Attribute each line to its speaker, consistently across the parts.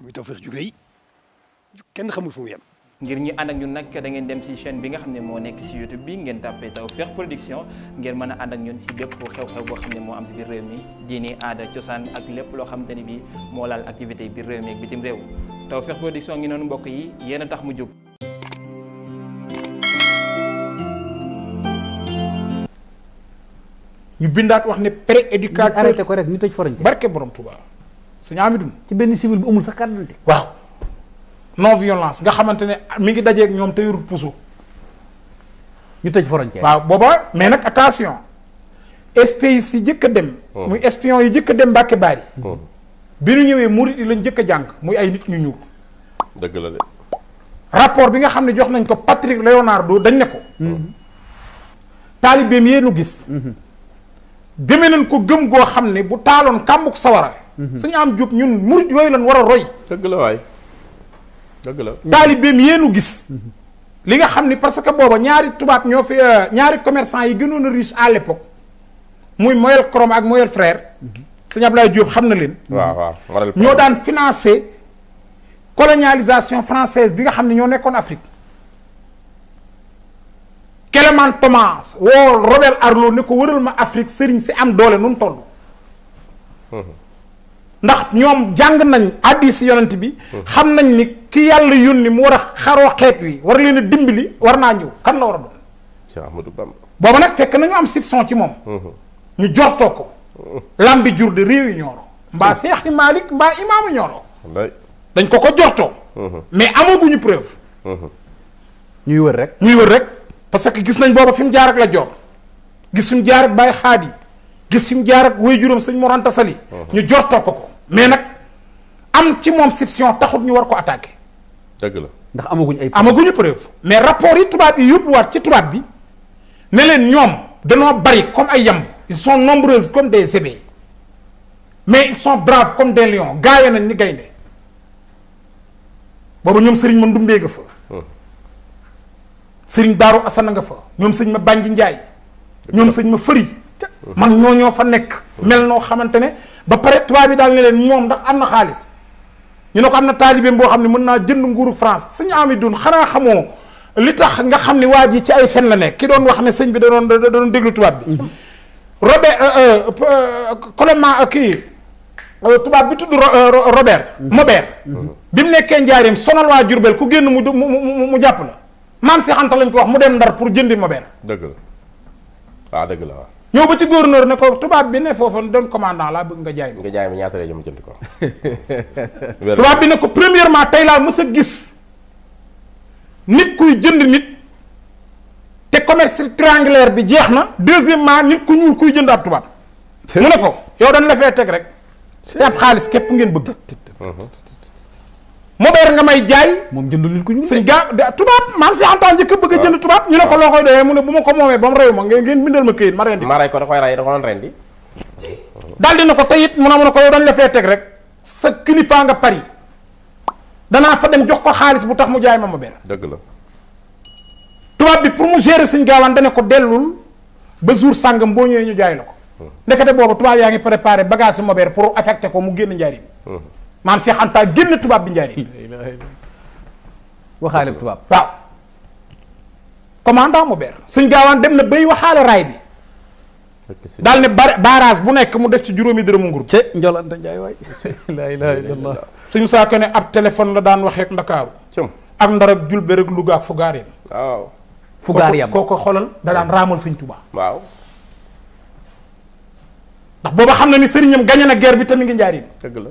Speaker 1: muy Tawfekh ju kenn xamul foofu mu yem. ngir ñi ànd ak ñun nag da ngeen dem ci chaîne bi nga xam ne moo nekk si YouTube bi ngeen tàppee Tawfekh Production ngeen mën a ànd ak ñun ci bépp xew-xew boo xam ne moo am ci biir réew mi diini aada cosaan ak lépp loo xamante ne bi moo laal activité biir réew mi ak bitim réew Tawfekh Production ngi noonu mbokk yi yéen a tax mu jóg. ñu bindaat wax ne pré-éducateur arrêté ko rek ñu tëj foroñ barke borom Touba. suñu amidum ci benn civil bu amul sax carte d'identité waaw non violence nga xamante ne mi ngi dajeek ñoom te yorul puso. ñu tëj frontière waaw booba mais nag attention espèces yi jëkk dem. Hmm. muy espion yi jëkk a dem Mbàkke Baari. Hmm. bi ñu ñëwee murit yi lañ jëkk a jàng muy ay nit ñu ñuul. dëgg la rapport bi nga xam ne jox nañ ko Patrick Leonardo dañ ne ko. Hmm. taalibeem yéenu gis. gëme nañ ko gëm goo xam ne bu taaloon kàmbuk sawara. sëñ am jub ñun murid yooyu lan war a roy. dëgg la waay dëgg la. taalibeem yéenu gis. li nga xam ni parce que booba ñaari tubaat ñoo fi euh, ñaari commerçant yi gënoon na riche à l'époque muy Moyel Krom ak Moyel Frère. sëñ Ablaye Diop xam na leen. waaw waaw ñoo daan financé colonialisation francaise bi nga xam ne ñoo nekkoon Afrique. Clément Thomas woo Robert Arlo ne ko wëral ma Afrique sëriñ si am doole nu mu toll. ndax ñoom jàng nañ hadiis yonent bi xam nañ ni ki yàlla yónni mu war a xaroo xeet wi war leen a dimbali war naa ñëw kan la war a doon Cheikh Ahmadou booba nag fekk nañu am soupçon ci moom mhm. ñu jortoo ko lambi jur de réew yi ñooro mbaa Seexi mhm. Maalik mbaa imaamu ñooro dañ ko ko jortoo mhm. mais amaguñu preuve ñuy wër rek ñuy wër rek parce que gis nañ booba fi mu jaar ak la joor gis fi jaar ak Baay yi gis fi mu jaar ak waajuram sëñ Mor Anta Sali ñu jortoo ko ko mais nag am ci moom soupçon taxut ñu war ko attaqué. dëgg la ndax amaguñ ay. amaguñu preuve mais rapport yi tubaab yi waat ci tubaab bi ne leen ñoom danoo bari comme ay yamb ils sont nombreuses comme des zébés mais ils sont braves comme des lions gaawe nañ ni gaynde boobu ñoom sëriñ ma ndumbee nga fa. Hmm. sëriñ Daaru Assane nga fa ñoom sëñ ma Bànji Njaay ñoom sëñ ma Fëri. man ñoo ñoo fa nekk mel noo xamante ne ba pare tubaab bi daal ne leen moom ndax am na xaalis ñu ne ko am na taalibeem boo xam ne mën naa jënd nguuru France suñu ami dun xanaa xamoo li tax nga xam ne waa ji ci ay fen la nekk ki doon wax ne sëñ bi da doon da doon déglu tubaab bi Robert euh, euh, euh, Clément kii tubaab bi tudd Robert mhm. Maubert mhm. bi mu nekkee njaarim sonal waa Jurbel ku génn mu mu mu jàpp la maam si xanta lañ ko wax mu dem ndar pour jëndi Maubert dëgg la ah, waaw ñëw ba ci gouverneur ne ko tubaab bi ne foofa doon commandant laa bëgg nga jaay ma. nga jaay ma ñaata lay jëm jënd ko. tubaab bi ne ko premièrement tey laa mës a gis nit kuy jënd nit te commerce triangulaire bi jeex na. deuxièmement nit ku ñuul kuy jënd ab tubaab. mu ne ko yow dañ la fee teg rek. te ab xaalis képp ngeen bëgg. Mhm. mobeer nga may jaay. moom jëndul nit ku ñu. sëñ tubaab maam si Anta njëkk bëgg a jënd tubaab. ñu ne ko loo koy doyee mu ne bu ma ko moomee ba mu rew ma ngeen bindal ma këyit ma rendi. ma rey ko da koy rey da ko doon rendi. daal dina ko tey it mu ne ko yow dañ la fee teg rek sa kilifa nga Paris danaa fa dem jox ko xaalis bu tax mu jaay ma mobeer. dëgg la. tubaab bi pour mu gérer sëñ gaawaan dana ko dellul ba jour sàng boo ñëwee ñu jaay la ko. Hmm. ndekete boobu tubaab yaa ngi préparé bagage si pour affecté ko mu génn njariñ hmm. maam Cheikh génn tubaab bi njaari waxaale tubaab waaw commandant Maubert suñ gaawaan dem na bay waxaale raay bi daal ne barrage bu nekk mu def ci juróomi dërëmu nguru ci njolante njaay waay laa ilaaha ne ab téléphone la daan waxee ak ndakaaru ak ndar ak julbe rek Louga ak fugaar yam waaw fugaar yam koo ko xoolal da daan raamal suñ tubaab ndax booba xam na ni sëriñam gañe na guerre bi te ngi njaariñ la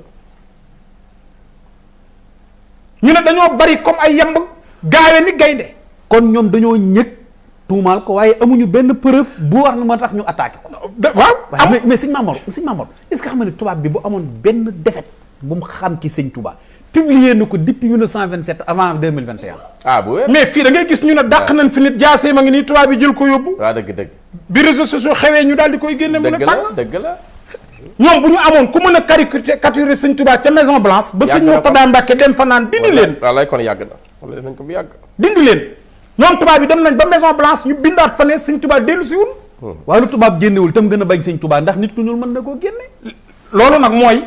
Speaker 1: ñu ne dañoo bari comme ay yamb gaawe ni gaynde kon ñoom dañoo ñëkk tuumaal ko waaye amuñu benn preuve bu war na ma tax ñu attaqué ko. waaw mais sëñ Mamor sëñ Mamor est-ce xam ne tubaab bi bu amoon benn défaite bu mu xam ci sëñ Touba publié na ko depuis 1927 avant 2021. ah bu wér mais fii da gis ñu ne dàq nañ fi nit jaasee ma ngi nii tubaab bi jël ko yóbbu. waaw dëgg dëgg. bi réseaux sociaux xewee ñu daal di koy génne. mu ne fang dëgg la. ñoom bu ñu amoon ku mën a caricaturer sëñ Touba ca Maison Blanche ba sëñ Mourtada Mbacke dem fa naan dindi leen walaay kon yàgg na wala def nañ ko bu yàgg dindi leen ñoom tubaab bi dem nañ ba Maison Blanche ñu bindaat fa ne sëñ Touba dellu si wul hmm. waaye lu tubaab génnewul tam gën a bañ sëñ Touba ndax nit ku ñuul mën na koo génne loolu nag mooy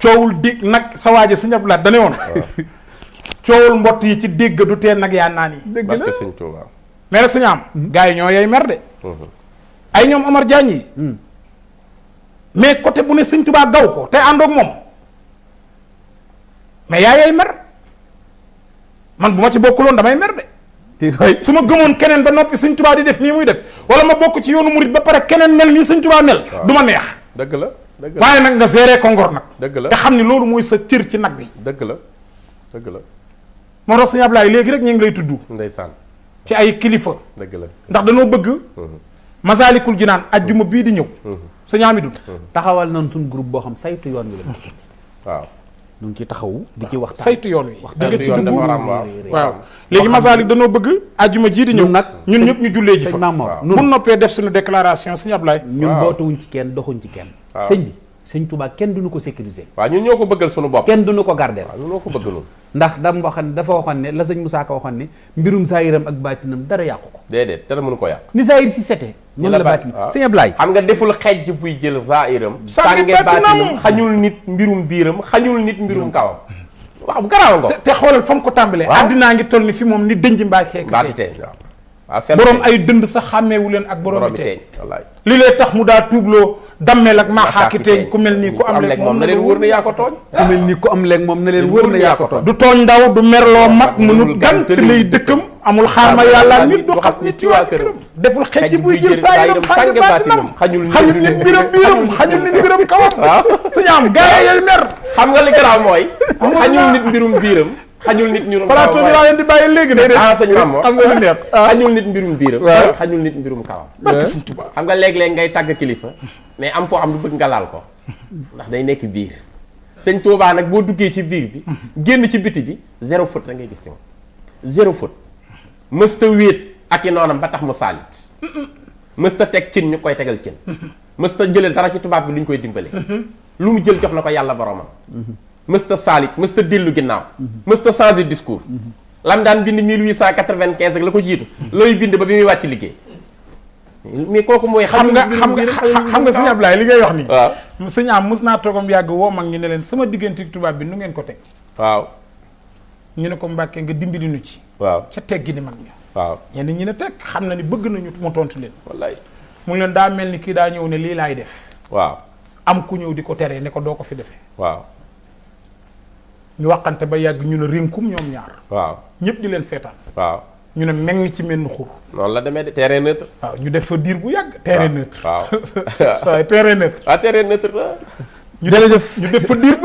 Speaker 1: coowul dig nag sa waaje sëñ Abdoulaye dane woon coowul mbott yi ci dégg du tee nag yaa naan yi dégg la sëñ Touba mais rek suñu am hmm. gars yi ñoo yay mer de hmm. ay ñoom Omar Diagne yi mais côté bu ne sëñ tubaa gaw ko te àndoog moom mais yaa yay mer man bu ma ci bokk bokkuloon damay mer de su ma gëmoon keneen ba noppi sëñ tubaa di def nii muy def wala ma bokk ci yoonu murit ba pare keneen mel nii sëñ tubaa mel du ma neex dëgg la dëgg la waaye nag nga géré ko nag dëgg la te xam ni loolu mooy sa cër ci nag bi dëgg la dëgg la moo tax léegi rek ñu ngi lay tudd ndeysaan ci ay kilifa dëgg la ndax dañoo bëgg mhm. masaalikul jinaan ajjuma bii di ñëw mhm. sëñ Amidou mm-hmm. taxawal na suñ groupe boo xam saytu yoon wi la mm-hmm. waaw ñu ngi ciy taxawu di ci waxtaan saytu yoon wi wax dëgg ci dugg waaw léegi masaalik danoo bëgg ajjuma jii di ñëw nag ñun ñëpp ñu jullee ji fa mun noppee def suñu déclaration sëñ Ablaye ñun bootawuñ ci kenn doxuñ ci kenn sëñ bi sëñ Touba kenn duñu ko sécuriser. waaw ñun ñoo ko bëggal sunu bopp. kenn duñu ko garder. waaw ñoo ko bëggalul. ndax dam waxoon dafa waxoon ne la sëñ Moussa Ka waxoon ne mbirum saayiram ak baatinam dara yàqu ko. déedéet dara mënu ko yàq. ni saayir si sete. ñu la baatin sëñ Ablaye. xam nga deful xejj buy jël saayiram. sànge baatinam xañul nit mbirum biiram xañul nit mbirum kawam. waaw garaaw nga te xoolal fa mu ko tàmbalee. waaw àddinaa ngi toll ni fi moom ni dënj mbaa xeex. boroom ay dënd sa xàmmeewu leen ak borom bi teeñ li lay tax mu daa tuubloo dammel ak maaxaaki tey ku mel nii ku am leeg moom na leen wër na yaa ko tooñ ku mel nii ku am leeg moom na leen wër na yaa ko tooñ du tooñ ndaw du merloo mag mënul gant lay dëkkam amul xaarma yàlla nit du xas nit ci waa këram deful xejji buy jël saa yiram sànge baatinam xañul nit biram biram xañul nit biram kawam waaw suñu am gaay yay mer xam nga li xañul nit ñu. plateau bi laa leen di bàyyi léegi de. Ah, enseigné am nga lu neex xañul nit mbirum biiram. waaw xañul nit mbirum kawam. barke Sëñ Tuubaa xam nga léeg-léeg ngay tàgg kilifa. mais am foo am lu bëgg nga laal ko. ndax day nekk biir. Sëñ Tuubaa nag boo duggee ci biir bi. génn ci biti bi zéro faute la ngay gis ci moom. zéro faute. mësta wéet ak i noonam ba tax mu saalit. mësta teg cin ñu koy tegal cin. mësta jëlee dara ci tubaab bi lu ñu koy dimbale. Mm-hmm. lu mu jël jox na ko yàlla boromam mm-hmm. mësta saalik mësta dellu ginnaaw mësta changer discours lam daan bind saa 1895 ak la ko jiitu looy bind ba bi muy wàcc liggéey mais kooku mooy xam nga xam nga xam nga sëñ Ablaye li ngay wax nii waaw sëñ am mës naa toogam yàgg woo mag ñi ne leen sama diggante tubaab bi nu ngeen ko teg waaw ñu ne ko mbàkkee nga dimbali nu ci waaw ca teggi ni mag ña waaw ñenn ñi ne teg xam na ni bëgg nañu mu tontu leen wallaay mu ngi leen daa mel ni kii daa ñëw ne lii laay def waaw am ku ñëw di ko teree ne ko doo ko fi defee waaw ñu waxante ba yàgg ñu ne rinkum ñoom ñaar. waaw ñëpp di leen seetaan. waaw ñu ne meññ ci menn xur. noonu la demee de terrain neutre. waaw ñu def fa diir bu yàgg. terrain neutre waaw waaw. terrain ah, la. ñu def def fa diir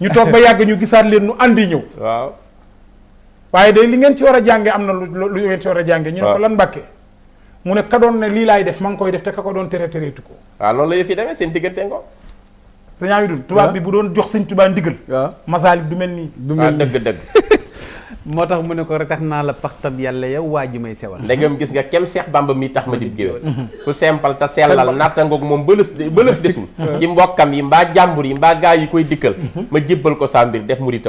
Speaker 1: ñu toog ba yàgg ñu gisaat leen nu àndi ñëw. waaw. waaye day li ngeen ci war a jànge am na lu lu ngeen ci war a jànge ñu ne ko lan mbàkke mu ne ka doon ne lii laay def ma ngi koy def te ka ko doon tere tereetu ko. waaw ah, loolu la yëf yi demee seen diggante ko sëñ Amidou tubaab bi ah. bu doon jox sëñ tubaab ndigal. waaw ah. masaalik du mel nii. du mel ah, nii moo tax mu ne ko retax naa la paxtab yàlla yow waa ji may sewal ndegam gis nga kem Seex Bamba mi tax ma dib géwél mhm. ku simple te sellal nattangoog moom bëlës bëlës desul ci mbokkam yi mbaa jàmbur yi mbaa gaa yi koy dikkal mhm. ma jébbal ko sa mbir def mu def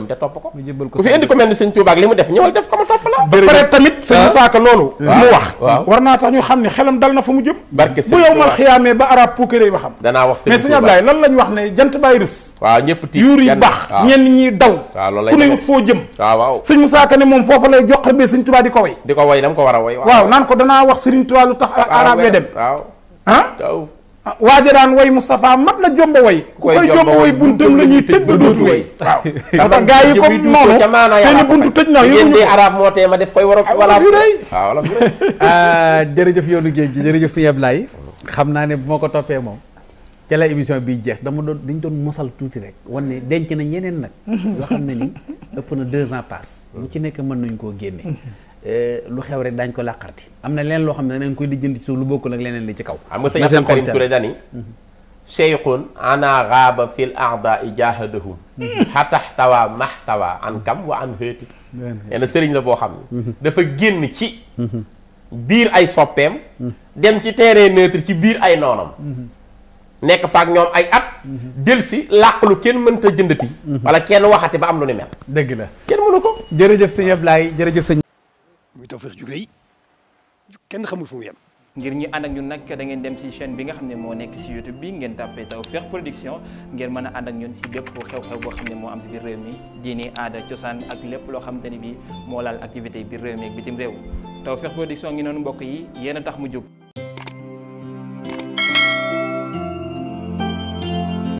Speaker 1: ñëwal def ko ma topp la ba pare tamit sëñ ah. saaka loolu mu wax war naa tax ñu xam ne xelam dal na fu mu jëm bu yow mal xiyaamee ba arab puukéré ba xam danaa wax mais sëñ yaakaar ne moom foofa lay jox bi Sëriñ Tuubaa di di ko way dama ko war a way waaw naan ko danaa wax Sëriñ Tuubaa lu tax ah, arab ya dem waaw ah? Ah, waaja daan way Moustapha mat na jomba way ku koy jomba way buntam la ñuy tëj ba dootu way waaw dafa gaa yi comme noonu seeni na yéen arab moo tee def koy war a wala jërëjëf yoonu géej gi jërëjëf sëñ Ablaye xam naa ne bu ma ko toppee moom ca la émission bi jeex dama doon dañ doon mosal tuuti rek wan ne denc nañ yeneen nag yoo xam ne ni ëpp na deux ans pass lu ci nekk mën nañ koo génne eh, lu xew rek daañ ko làqarti am na leen loo xam ne dañ koy lijjanti ci lu bokk ak leneen li ci kaw xam nga sëñ Abdou Karim Touré dani mhm. cheikhun ana raaba fil arda i jahadahum xataxtawa mhm. maxtawa an kam wa an xeeti la boo xam ne mhm. dafa génn ci biir ay soppeem dem ci terrain neutre ci biir ay noonam nekk faag ñoom ay at. delsi làq lu kenn mënta jëndati. wala kenn waxati ba am lu ni mel. dëgg la kenn mënu ko. jërëjëf sëñ Ablaye jërëjëf sëñ. muy Tawfekh ju rëy kenn xamul fu mu yem. ngir ñi ànd ak ñun nag da ngeen dem ci chaine bi nga xam ne moo nekk si YouTube bi ngeen tàppee Tawfekh Production ngeen mën a ànd ak ñun ci bépp xew-xew boo xam ne moo am ci biir réew mi diini aada cosaan ak lépp loo xamante ni bi moo laal activité biir réew mi ak bitim réew Tawfekh Production ngi noonu mbokk yi yéen a tax mu jóg.